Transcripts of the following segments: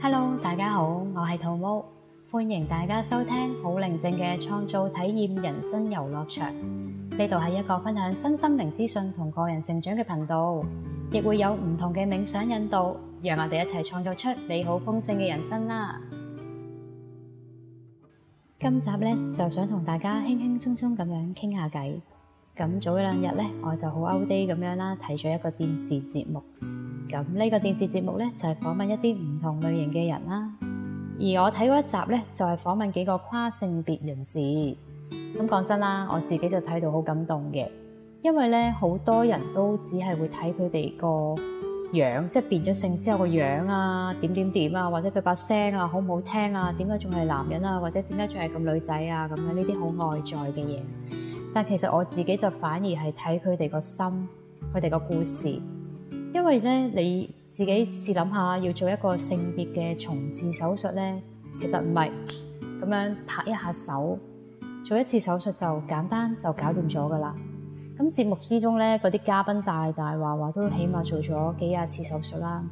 Hello，大家好，我係 Tomo，歡迎大家收聽好寧靜嘅創造體驗人生遊樂場。呢度係一個分享身心靈資訊同個人成長嘅頻道，亦會有唔同嘅冥想引導，讓我哋一齊創造出美好豐盛嘅人生啦。今集咧就想同大家輕輕鬆鬆咁樣傾下偈。咁早嗰兩日咧，我就好 out date 咁樣啦，睇咗一個電視節目。咁呢個電視節目咧就係訪問一啲唔同類型嘅人啦，而我睇嗰一集咧就係訪問幾個跨性別人士。咁講真啦，我自己就睇到好感動嘅，因為咧好多人都只係會睇佢哋個樣，即係變咗性之後個樣啊，點點點啊，或者佢把聲啊好唔好聽啊，點解仲係男人啊，或者點解仲係咁女仔啊，咁樣呢啲好外在嘅嘢。但其實我自己就反而係睇佢哋個心，佢哋個故事。因為咧你自己試諗下，要做一個性別嘅重置手術咧，其實唔係咁樣拍一下手，做一次手術就簡單就搞掂咗噶啦。嗯、咁節目之中咧，嗰啲嘉賓大大話話都起碼做咗幾廿次手術啦，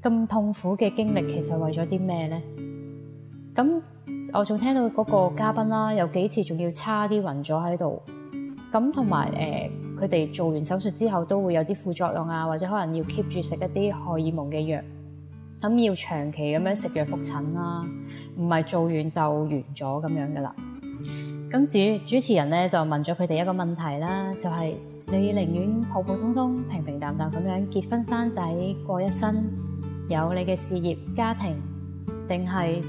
咁痛苦嘅經歷其實為咗啲咩咧？咁我仲聽到嗰個嘉賓啦，有幾次仲要差啲暈咗喺度，咁同埋誒。呃佢哋做完手術之後都會有啲副作用啊，或者可能要 keep 住食一啲荷爾蒙嘅藥，咁要長期咁樣食藥複診啦，唔係做完就完咗咁樣噶啦。咁主主持人咧就問咗佢哋一個問題啦，就係、是、你寧願普普通通，平平淡淡咁樣結婚生仔過一生，有你嘅事業、家庭，定係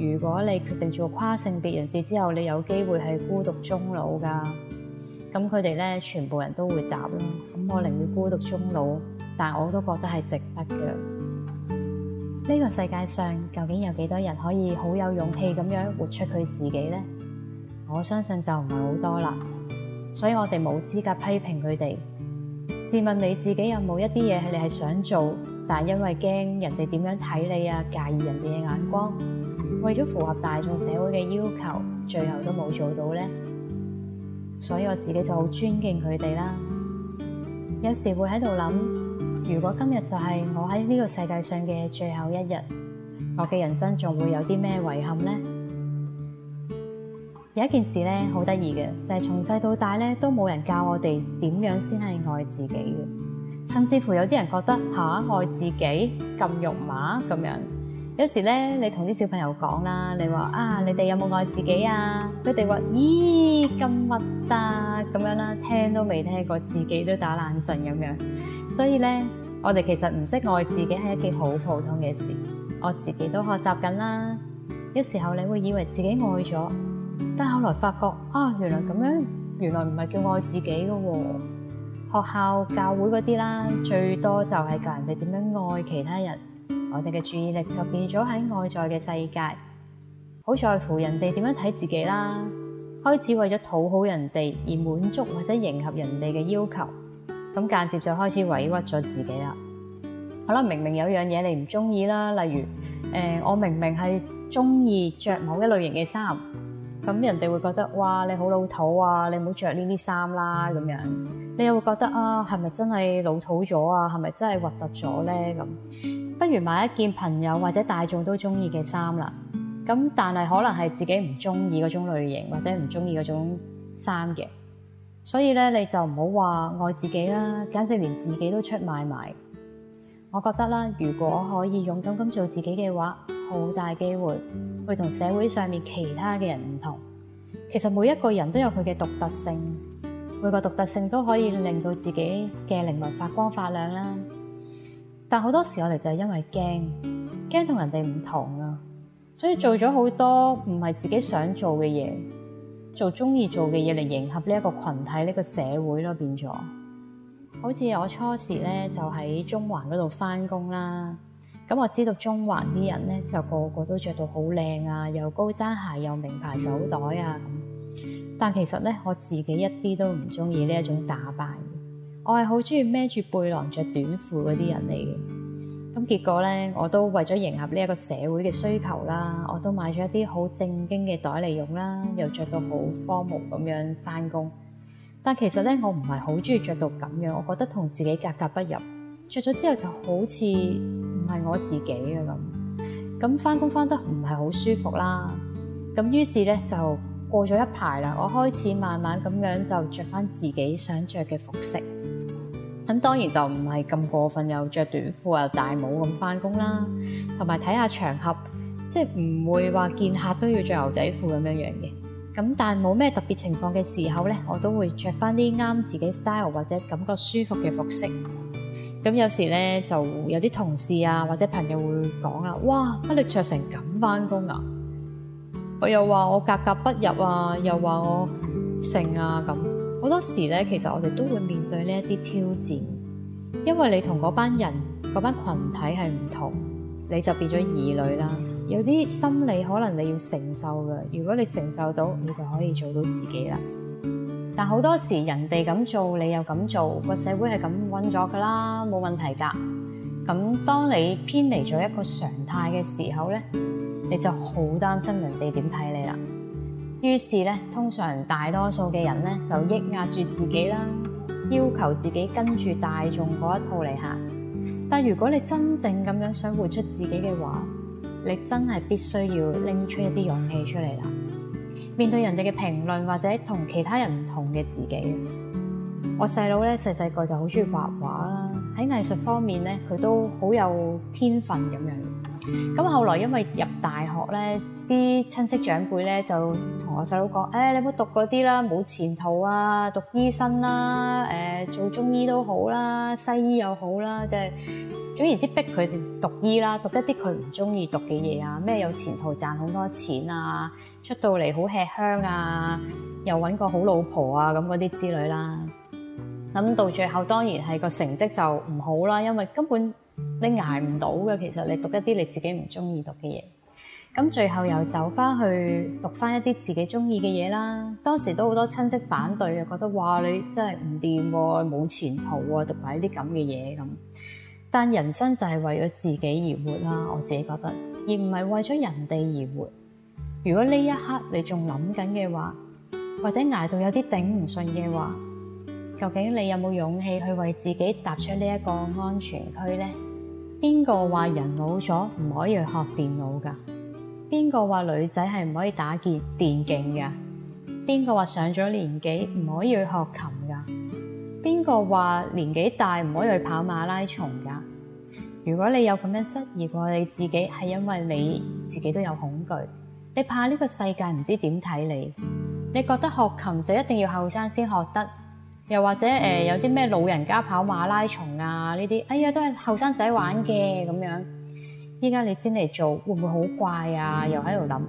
如果你決定做跨性別人士之後，你有機會係孤獨終老噶？咁佢哋咧，全部人都會答啦。咁我寧願孤獨終老，但我都覺得係值得嘅。呢個世界上究竟有幾多人可以好有勇氣咁樣活出佢自己呢？我相信就唔係好多啦。所以我哋冇資格批評佢哋。試問你自己有冇一啲嘢係你係想做，但係因為驚人哋點樣睇你啊，介意人哋嘅眼光，為咗符合大眾社會嘅要求，最後都冇做到呢？所以我自己就好尊敬佢哋啦。有時會喺度諗，如果今日就係我喺呢個世界上嘅最後一日，我嘅人生仲會有啲咩遺憾呢？有一件事咧，好得意嘅就係從細到大咧，都冇人教我哋點樣先係愛自己嘅，甚至乎有啲人覺得吓、啊，愛自己咁肉麻咁樣。有時咧，你同啲小朋友講啦，你話啊，你哋有冇愛自己啊？佢哋話：咦，咁核突咁樣啦，聽都未聽過，自己都打冷震咁樣。所以咧，我哋其實唔識愛自己係一件好普通嘅事。我自己都學習緊啦。有時候你會以為自己愛咗，但係後來發覺啊，原來咁樣，原來唔係叫愛自己嘅喎、哦。學校、教會嗰啲啦，最多就係教人哋點樣愛其他人。我哋嘅注意力就變咗喺外在嘅世界，好在乎人哋點樣睇自己啦，開始為咗討好人哋而滿足或者迎合人哋嘅要求，咁間接就開始委屈咗自己啦。好啦，明明有樣嘢你唔中意啦，例如誒、呃，我明明係中意着某一類型嘅衫，咁人哋會覺得哇，你好老土啊，你唔好着呢啲衫啦咁樣。你又會覺得啊，係咪真係老土咗啊？係咪真係核突咗呢？咁不如買一件朋友或者大眾都中意嘅衫啦。咁但係可能係自己唔中意嗰種類型或者唔中意嗰種衫嘅，所以咧你就唔好話愛自己啦。簡直連自己都出賣埋。我覺得啦，如果可以勇敢咁做自己嘅話，好大機會會同社會上面其他嘅人唔同。其實每一個人都有佢嘅獨特性。每個獨特性都可以令到自己嘅靈魂發光發亮啦。但好多時我哋就係因為驚，驚同人哋唔同啊，所以做咗好多唔係自己想做嘅嘢，做鍾意做嘅嘢嚟迎合呢一個群體、呢個社會咯，變咗。好似我初時咧就喺中環嗰度返工啦，咁我知道中環啲人咧就個個都着到好靚啊，又高踭鞋，又名牌手袋啊。但其實咧，我自己一啲都唔中意呢一種打扮，我係好中意孭住背囊、着短褲嗰啲人嚟嘅。咁結果咧，我都為咗迎合呢一個社會嘅需求啦，我都買咗一啲好正經嘅袋嚟用啦，又着到好荒謬咁樣翻工。但其實咧，我唔係好中意着到咁樣，我覺得同自己格格不入。着咗之後就好似唔係我自己嘅咁。咁翻工翻得唔係好舒服啦。咁於是咧就。過咗一排啦，我開始慢慢咁樣就着返自己想着嘅服飾。咁當然就唔係咁過分，又着短褲又戴帽咁返工啦，同埋睇下場合，即係唔會話見客都要着牛仔褲咁樣樣嘅。咁但係冇咩特別情況嘅時候咧，我都會着返啲啱自己 style 或者感覺舒服嘅服飾。咁有時咧就有啲同事啊或者朋友會講啦：哇！乜你着成咁返工啊？我又話我格格不入啊，又話我成啊咁。好多時咧，其實我哋都會面對呢一啲挑戰，因為你同嗰班人、嗰班群體係唔同，你就變咗異類啦。有啲心理可能你要承受嘅，如果你承受到，你就可以做到自己啦。但好多時人哋咁做，你又咁做，個社會係咁運作噶啦，冇問題㗎。咁當你偏離咗一個常態嘅時候咧，你就好擔心人哋點睇你啦，於是咧，通常大多數嘅人咧就抑壓住自己啦，要求自己跟住大眾嗰一套嚟行。但如果你真正咁樣想活出自己嘅話，你真係必須要拎出一啲勇氣出嚟啦，面對人哋嘅評論或者同其他人唔同嘅自己。我細佬咧細細個就好中意畫畫啦，喺藝術方面咧佢都好有天分咁樣。咁後來因為入大學咧，啲親戚長輩咧就同我細佬講：誒，你唔好讀嗰啲啦，冇前途啊，讀醫生啦，誒，做中醫都好啦，西醫又好啦，即係總言之，逼佢哋讀醫啦，讀一啲佢唔中意讀嘅嘢啊，咩有前途賺好多錢啊，出到嚟好吃香啊，又揾個好老婆啊，咁嗰啲之類啦。咁到最後當然係個成績就唔好啦，因為根本。你捱唔到噶，其實你讀一啲你自己唔中意讀嘅嘢，咁最後又走翻去讀翻一啲自己中意嘅嘢啦。當時都好多親戚反對啊，覺得哇你真係唔掂，冇前途啊，讀埋啲咁嘅嘢咁。但人生就係為咗自己而活啦，我自己覺得，而唔係為咗人哋而活。如果呢一刻你仲諗緊嘅話，或者捱到有啲頂唔順嘅話。究竟你有冇勇氣去為自己踏出呢一個安全區呢？邊個話人老咗唔可以去學電腦㗎？邊個話女仔係唔可以打劫電競㗎？邊個話上咗年紀唔可以去學琴㗎？邊個話年紀大唔可以去跑馬拉松㗎？如果你有咁樣質疑過你自己，係因為你自己都有恐懼，你怕呢個世界唔知點睇你，你覺得學琴就一定要後生先學得？又或者誒、呃，有啲咩老人家跑馬拉松啊？呢啲哎呀，都係後生仔玩嘅咁樣。依家你先嚟做，會唔會好怪啊？又喺度諗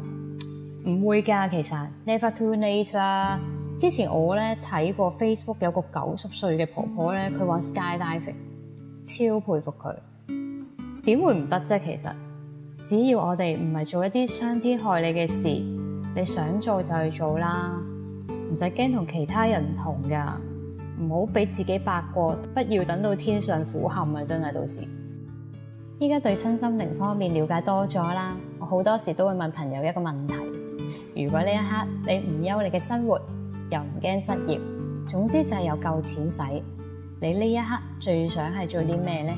唔會㗎。其實 never too late 啦。之前我咧睇過 Facebook 有個九十歲嘅婆婆咧，佢玩 sky diving 超佩服佢，點會唔得啫？其實只要我哋唔係做一啲傷天害理嘅事，你想做就去做啦，唔使驚同其他人唔同㗎。唔好俾自己白過，不要等到天上苦冚啊！真係到時依家對身心靈方面瞭解多咗啦。我好多時都會問朋友一個問題：如果呢一刻你唔憂你嘅生活，又唔驚失業，總之就係有夠錢使，你呢一刻最想係做啲咩呢？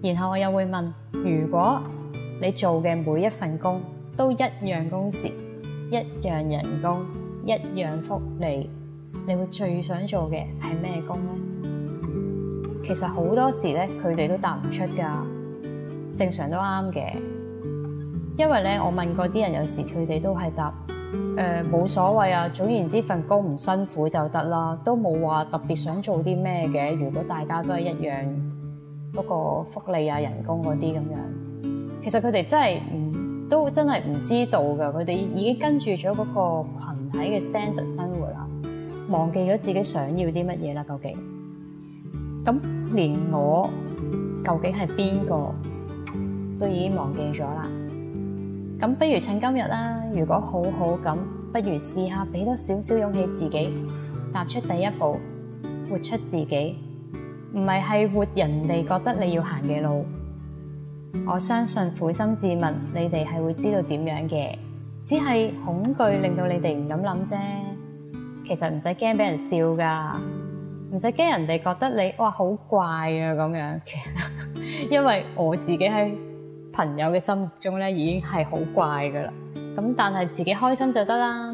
然後我又會問：如果你做嘅每一份工都一樣工時、一樣人工、一樣福利？你會最想做嘅係咩工咧？其實好多時咧，佢哋都答唔出㗎。正常都啱嘅，因為咧，我問過啲人，有時佢哋都係答誒冇、呃、所謂啊。總言之，份工唔辛苦就得啦，都冇話特別想做啲咩嘅。如果大家都係一樣嗰、那個福利啊、人工嗰啲咁樣，其實佢哋真係唔、嗯、都真係唔知道㗎。佢哋已經跟住咗嗰個羣體嘅 standard 生活啦。忘記咗自己想要啲乜嘢啦，究竟？咁連我究竟係邊個都已經忘記咗啦。咁不如趁今日啦，如果好好咁，不如試下俾多少少勇氣自己踏出第一步，活出自己，唔係係活人哋覺得你要行嘅路。我相信捫心自問，你哋係會知道點樣嘅，只係恐懼令到你哋唔敢諗啫。其實唔使驚俾人笑㗎，唔使驚人哋覺得你哇好怪啊咁樣。其實因為我自己喺朋友嘅心目中咧，已經係好怪噶啦。咁但係自己開心就得啦，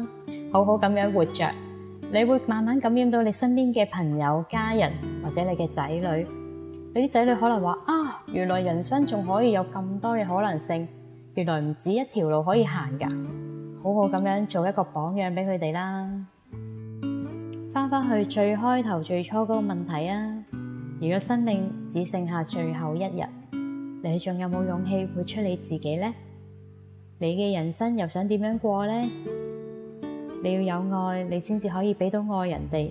好好咁樣活著，你會慢慢感染到你身邊嘅朋友、家人或者你嘅仔女。你啲仔女可能話啊，原來人生仲可以有咁多嘅可能性，原來唔止一條路可以行㗎。好好咁樣做一個榜樣俾佢哋啦。翻返去最開頭最初嗰個問題啊！如果生命只剩下最後一日，你仲有冇勇氣活出你自己呢？你嘅人生又想點樣過呢？你要有愛，你先至可以俾到愛人哋。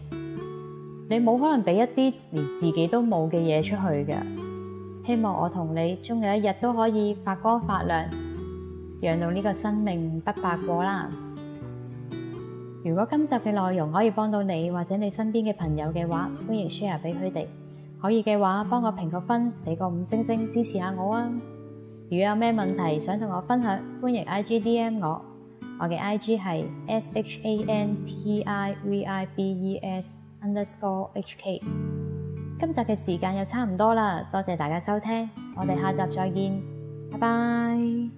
你冇可能俾一啲連自己都冇嘅嘢出去嘅。希望我同你終有一日都可以發光發亮，讓到呢個生命不白過啦！如果今集嘅內容可以幫到你或者你身邊嘅朋友嘅話，歡迎 share 俾佢哋。可以嘅話，幫我評個分，俾個五星星支持下我啊！如果有咩問題想同我分享，歡迎 I G D M 我，我嘅 I G 係 S H A N T I V I B E S underscore H K。今集嘅時間又差唔多啦，多謝大家收聽，我哋下集再見，拜拜。